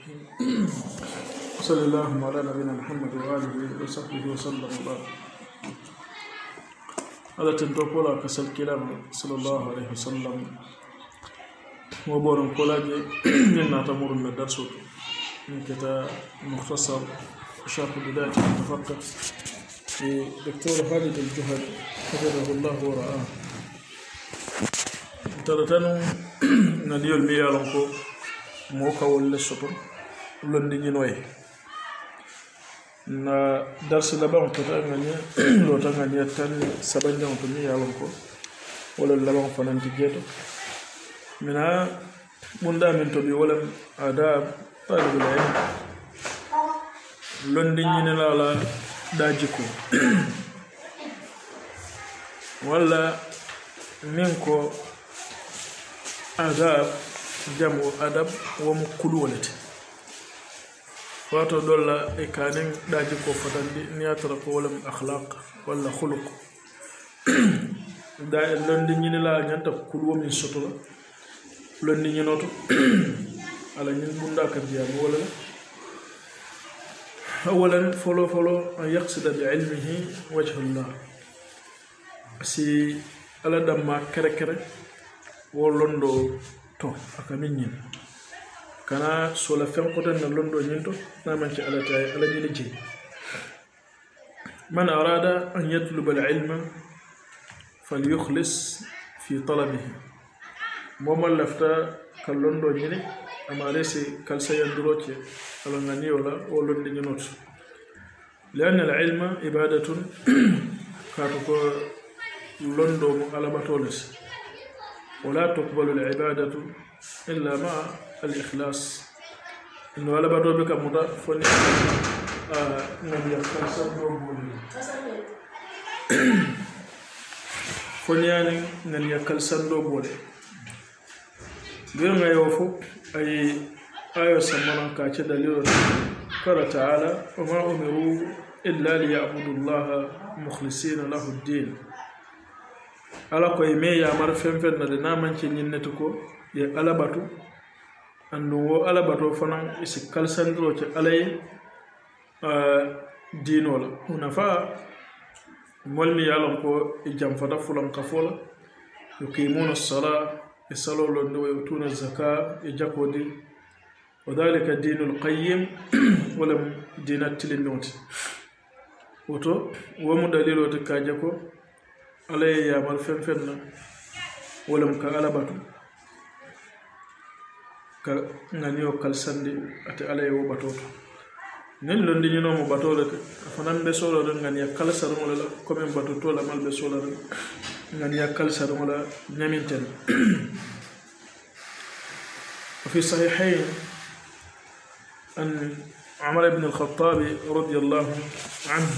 صلى الله على نبينا محمد وعلى اله وصحبه وسلم وبارك هذا تنتقل كسل كلام صلى الله عليه وسلم وبورن كولاجي من تمر من الدرس من كتاب مختصر شرح بدايه المتفقه للدكتور خالد الجهد حفظه الله ورعاه ترى تنو نديو المياه لنقول mokawol ni londi noy na la laban to tan ñe lo tan ñe tan sabanjang to ñe yalon ko wala laban fanan ti geto mina bunda min to bi wala adab talibul ilm ni ñine la la daji wala min ko adab jam o adab womo kuluwolete wato ɗolla e kanen ɗaji ko fotandi niyatora ko wolam ahlak walla huluk da en londi ñinila ñanta kuluwo min sotola londi ñinoto ala ñin ɓunda ka mbiyam wolala awalan folo folo an yaksida bi ilmihi wajhallah si ala damma kere kere wo londo to a ka min ɲini kana sola fɛn kota na londo ɲin to n'a man ci ala ta ye ala ɲini je man arada an yatluba alilma falyukhlis fi talabihi mo man lafta ka londo ɲini ama resi kalsayanduro ce ala ŋaniyo la wo londi ɲinoto lian alilma ibadatun kaatu ko londo mo alabatolesi ولا تقبل العبادة إلا مع الإخلاص إنه على بدو بك مدى فني نبي يعني فنيان نبي كالسان دوبول غير ما يوفو أي آية سمران كاتش دليل قال تعالى وما أمروا إلا ليعبدوا الله مخلصين له الدين ala koye me yamar fen fen nade namanke ñinnete ko ye ala batu andum wo ala bato fanan isi kalsandiro ke ala ye dino la nafa mol mi ye lon ko i e janfata fulan kafo la yuqimuna sala e salo londe wa yutuna zaka e jakodi wa dhalika dinu lqayim walam dina tilindiŋo ti woto wo mu dalilo ti kaje ala ye yabal feŋ feŋ na wo lemu ka ala batu ka ŋaniyo kalisandi ate ala ye wo batoo to niŋ londi ñinoo mu batoo le ke a fanaŋ be soolo le ŋaniya kalisariŋo le la komi batutoo la malu be soola le ŋaniya kalisariŋo la ñaminteŋ وفي الصحيحين أن عمر بن الخطاب رضي الله عنه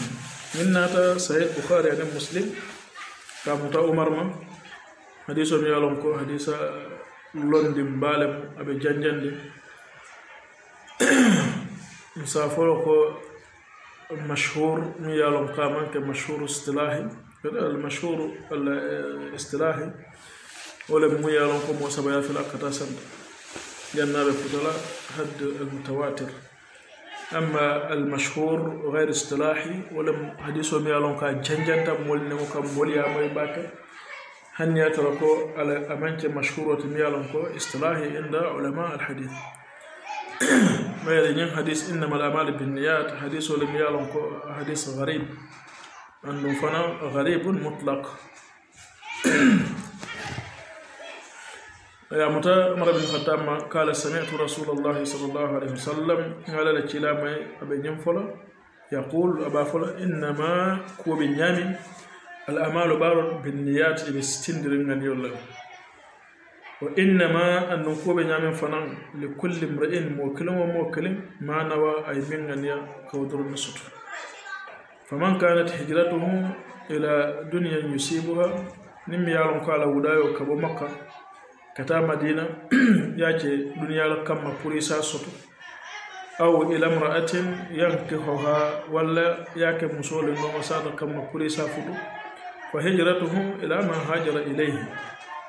من ناتا صحيح البخاري عن مسلم kafuta عمر ما hadisa ميالوم كو حديثا لون دي مبالم ابي جانجان دي مسافر كو مشهور ميالون قاما كمشهور اصطلاحي المشهور الاصطلاحي ولا ميالوم كو موسى بيا في الاقطاسن لأن بفتلا حد المتواتر أما المشهور غير استلاحي ولم حديثه مي ألون كا جنجنتا مول نمو كان موليا مي باكا هن يتركو على أمانك مشهورة مي ألون كو استلاحي عند علماء الحديث ما يلين حديث إنما الأعمال بالنيات حديثه لم يألون كو حديث غريب أنه فنا غريب مطلق يا متى مر بن خطام قال سمعت رسول الله صلى الله عليه وسلم قال لكلا ما أبي ينفلا نعم يقول أبا فلا إنما كو بنيامين نعم. الأمال بار بالنيات بستندر من يولا وإنما أن كو بنيامين نعم فنان لكل امرئ موكل وموكل ما نوى أي من أن يكودر النسط فمن كانت هجرته إلى دنيا يصيبها نمي يالون قال ودايو كبو مكة kata madina ya ce duniyar kan mafuri sa soto aw ila mra'atin yankihuha wala yake musolin noma sada kam mafuri sa fudu fa hijratuhu ila ma hajara ilayhi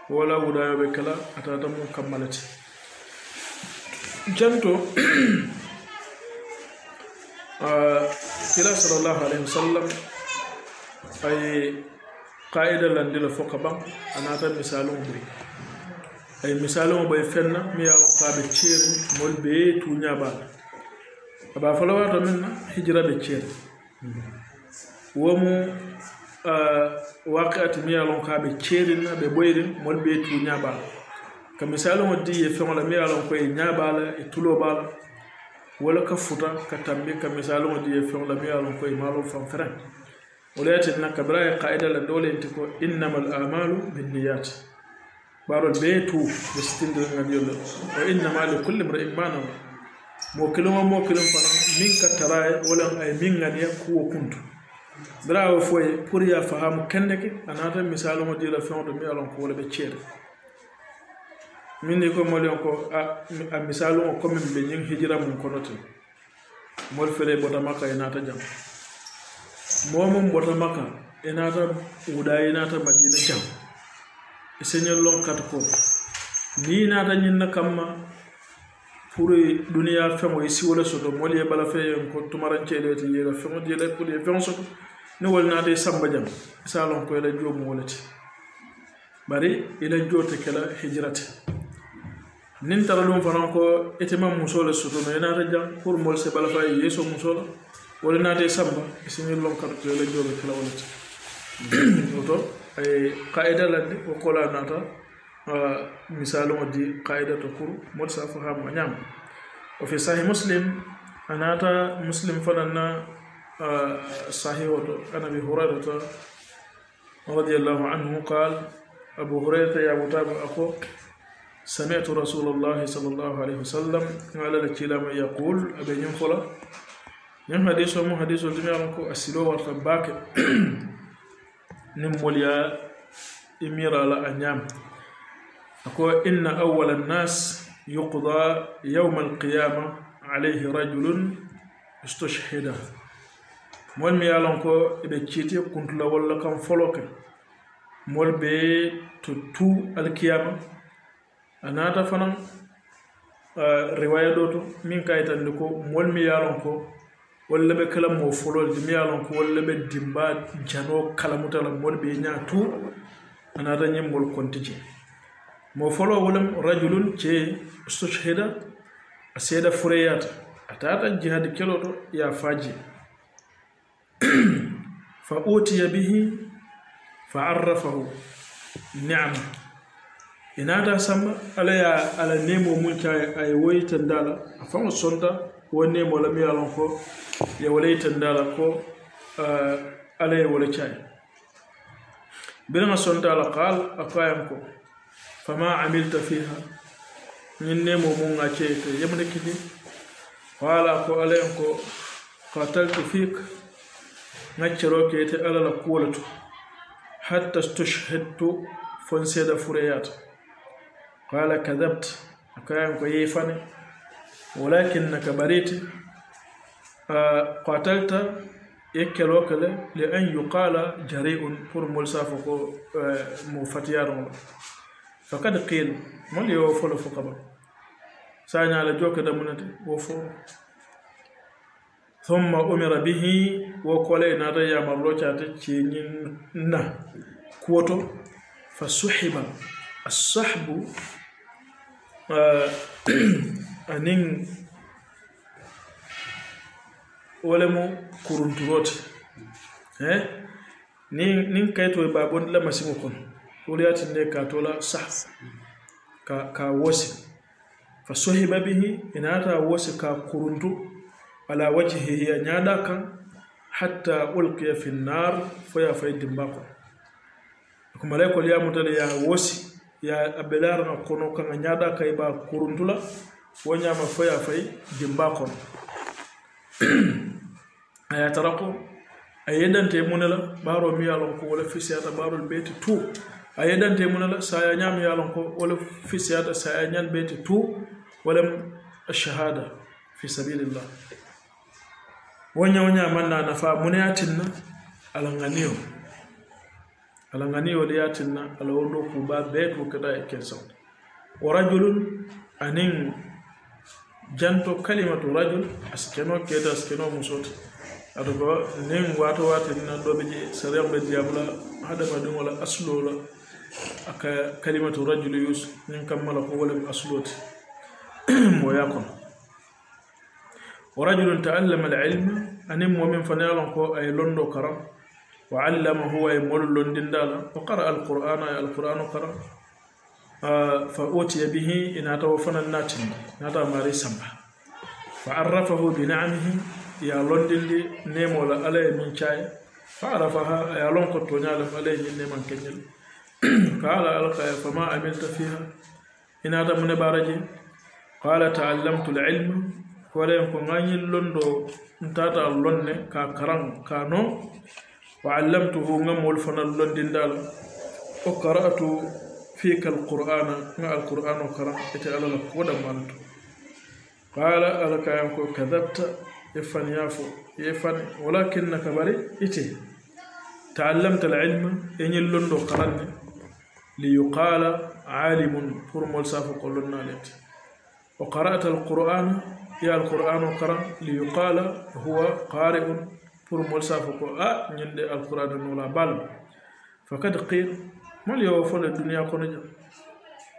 wala wudaya be kala atata mum kammalati janto kila sallallahu alaihi wasallam ay qaida landila foka ban anata misalum buri ay misalo bay fenna mi yaa ko be ciere mol be eh? tu ba aba fala wato minna hijra be wo mo waqati mi yaa ko be na be boyrin mol be eh? tu ba ka misalo mo di e la mi yaa ko e la, e tulo bala wala ka futa ka tambe ka misalo mo di e la mi yaa ko e malo fam fere wala yatin na kabra e qaida la dole intiko mbaɗon ɓe tout ɓe sittindirgam yollo o innama li kulle mbra immanama mo kilom mo kilom fana min kattara wolan ay min ganiya kuwo kuntu draawo foye pour ya fahamu kenndeke a nata misalumo dila fewɗo mi alon ko wola ɓe ceeda minni ko moli on ko a misalumo commune ɓe ñing hijira mum kono ten mol fere bota makka e nata jam momum bota makka e nata wuɗa e nata madina jam e seigneur lon kata ko ni naatañinna kamma pour e duniya feŋo e siwole soto moolu ye bala feyen ko tumaranceele te yeela feŋo jeela pour ye feŋo soto ni wol naata e samba jam isa lon ko ela joomu wo le te bari ila joote kela hijirate nin tara ɗum fanan ko ite man musole sotono e naata jam pour mool se bala faye yeeso musola wole naata e samba e seigneur lon kata ko ela joome kela wo le te oto ay qaida landi ko kola nata misalo ngodi qaida to kuru mod sa fa ham nyam wa fi sahih muslim anata muslim fananna sahih wato ana bi hurairata radiyallahu anhu qala abu hurairata ya mutabu ako سمعت رسول الله صلى الله عليه وسلم قال لك لما يقول أبي ينفلا ينفلا حديثه مو حديثه دمي أمكو أسلوه ورتباك نموليا إميرا أنيام أقول إن أول الناس يقضى يوم القيامة عليه رجل استشهد مول مي يالونكو إبه تشيتي كنت ولا كان فلوك مول بي تتو القيامة أنا تفنن رواية دوتو مين كايتان لكو مول مي يالونكو walla ɓe kala mo fololde mi yaalon ko dimba jano kala mutala wonɓe e ñaa tout anata ñemgol kontije mo folo wolem rajulun je stochheda aseeda seeɗa foreyata a tatan jihade keloɗo ya faji fa utiya bihi fa arrafahu niama e naata samba ala ya ala nemo mum ca aye woyitandala a fama sonta wonne mo lam yalon ko ye walay tandala ko ala ye bin ma son sondala qal aqayam ko fama amilta fiha nin ne mo mun ga ce to yamne kidi wala ko ala en ko qatal qataltu fik ngacciro ke te ala la kuwalatu hatta stushhidtu fonseda seda fureyata qala kadhabta aqayam ko yefane ولكنك بريت قاتلت يكلوك لأن يقال جريء فور ملسا فوق مفتيار فقد قيل ما اللي هو فلو فقبل سأنا على جوك دمنتي وفو ثم أمر به وقال نرى يا مروجة تشينينا كوتو فسحب السحب آه anin wolemo kurunturote eh? e nin nin kaytoye babondila masiŋo kono wolu yatinde ka tola sah ka ka wosi fa sohiba bihi inata wosi ka kuruntu ala wajhihi a ñaɗa kan hatta ulkiya fi nar foya fay dimba kono ako malaykol yamutale ya wosi ya abelaranga kono kan a ñaɗa kay ba kuruntula Wani A tara foi a yi dan tarako ayedante la, baro mi yalon ko wala fisiyata baro beti tu ayedante munela saya ya yalon ko wala fisiyata saya nyal beti tu wala shahada fi Wani wonya wonya na nafa na alanganiyo alanganiyo liyatinna alawondo ku ba da ya kensa wa rajulun anin جانتو كلمة رجل أسكنو كيدا أسكنو مصوت أدوكا نين واتو واتو نين دو بجي سريع بجي أبلا هذا ما دون ولا أصلو لا أكا كلمة رجل يوس نين كم ملقو ولم أصلوت موياكم ورجل تعلم العلم أنم ومن فنالن كو أي لندو كرم وعلم هو أي مول لندن دالا وقرأ القرآن أي القرآن كرم fa utiya bihi inata wo fanan natindi nata mari samba fa arrafahu bi ni'amihi ya londindi nemola ala ye min caye fa arafaha ya lon ko toñalem ala ye ñin neman keñel قال ألقى فما عملت فيها إن هذا من بارجي قال تعلمت العلم ولا يكون غني لندو نتاتا لون كاكران كانو وعلمته غمول فن لندن دال وقرأت fikal qur'ana nga alqur'an o karan ite ala la ko ɗammanto qala ala kayan ko kadabta e fan yaafo ye fan walakinnaka bari ite taallamta alilma e ñillondo karanne liyuqala alimun pour mol safo ko lonnalete o qara'ta alqur'ana ye alqur'an o karan liyuqala huwa qari'un pour mol safo ko a ñinde alqur'ana nola bal fakad qil mali yo fo le duniya kono jam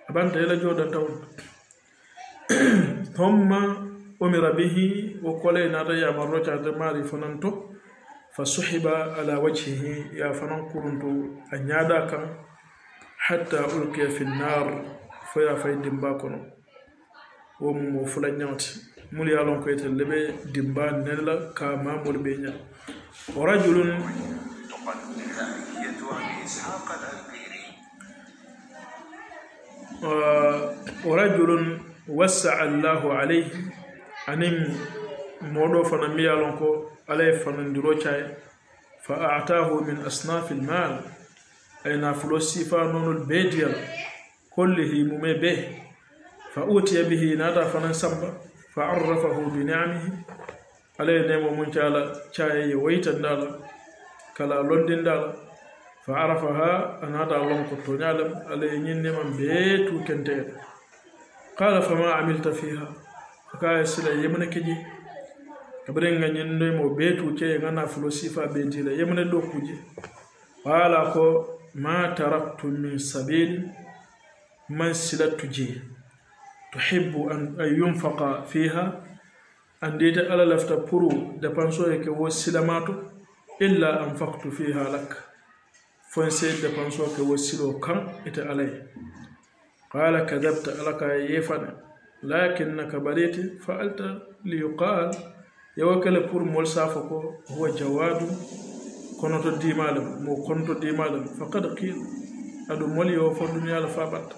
aban abanta ela joɗanta on homma umira bihi wo kole ya maro ta maari mari fananto fa suhiba ala wajhihi ya fanan kurunto a ñaada kan hatta ulkiya fi nar fa ya fay dimba kono wo mum mo fula ñawte mul ya lon koyeten le be dimba nela la ka mamolu be nya wa rajulun Uh, rajulun wassa allahu alayhi anin moɗo fana miyalon ko alay fanandiro cay fa atahu min asnafi lmal ayna fulo sifanonol bediyal kollihi mume be fa utiya bihi nada fanan samba fa arafahu bi nicamihi alay nemo mun cala cayeye waytandala kala londindala fa arafa ha a naata allah ko toñaale allah e ñinndima be tu kenteeɗe qala fa ma amilta fiha aka e sila yemne keji kabirenga ñinndoymo be tu ceye ngana fulo sifa ɓeentila yemne ɗokkuji qala ko ma taraktu min sabil man silattu je tuhibbu an yunfaqa fiha andite allah lafta pour dépense e ke wo silamaato illa anfaktu fiha lakka fonseede dépense o ke wossiroo kan ete alay qala kadabta alaka e yeefana lakin naka baɗeete faalta liyuqal yewo kele pour mol saafo ko huwa jawadu konoto dimalam mo konoto dimalam faqad qiil aɗum moli yo fo duniyala fa ɓatta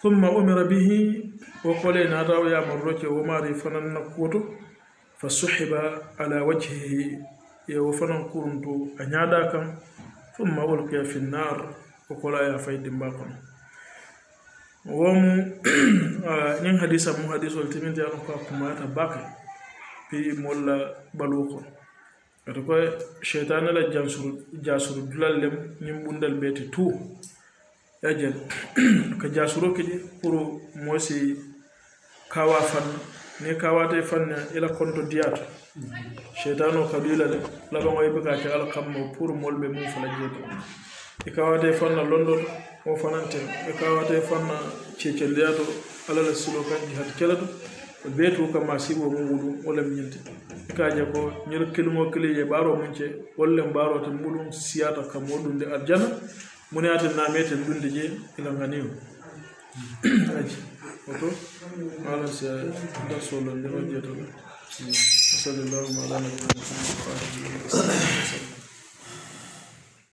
thumma umira bihi o qole naatawo yamaroke womari fananna kuoto fa suhiba ala wajhihi yewo fanan kuruntu a ñaada kan thumma ulqiya fi nnar o kola ya fay dimba kono womu ñin hadisa mu hadisol timinti ano ko kumata bake pi molla balu kono ata koye cheytane la jansuru jasuru dulal lem ñin ɓundal beete tout ya jel ka jasuro kiji pour mosi kawa fanna ni kawata e fanna ila konto diyata cheytane o kaɗuylale laɓan o yibbaka ke ala kammo pour molɓe mum fala jeeto e kawate fanna londol o fananten e kawate fanna ceceldiyato alalah silo kanji hat kelato o beetuka ma sibo muɗum e wolle mi ñinte e kaje ko ñir kilimo kilije ɓaaro munce wolle mbaarote muɗum siyata kam woɗum de arjana muniyate naameten ɗunde jee ila ngani o mm. aji oto alas darsolo ndeo jeetoɗo mm. وصلى الله على نبينا محمد وآله وسلم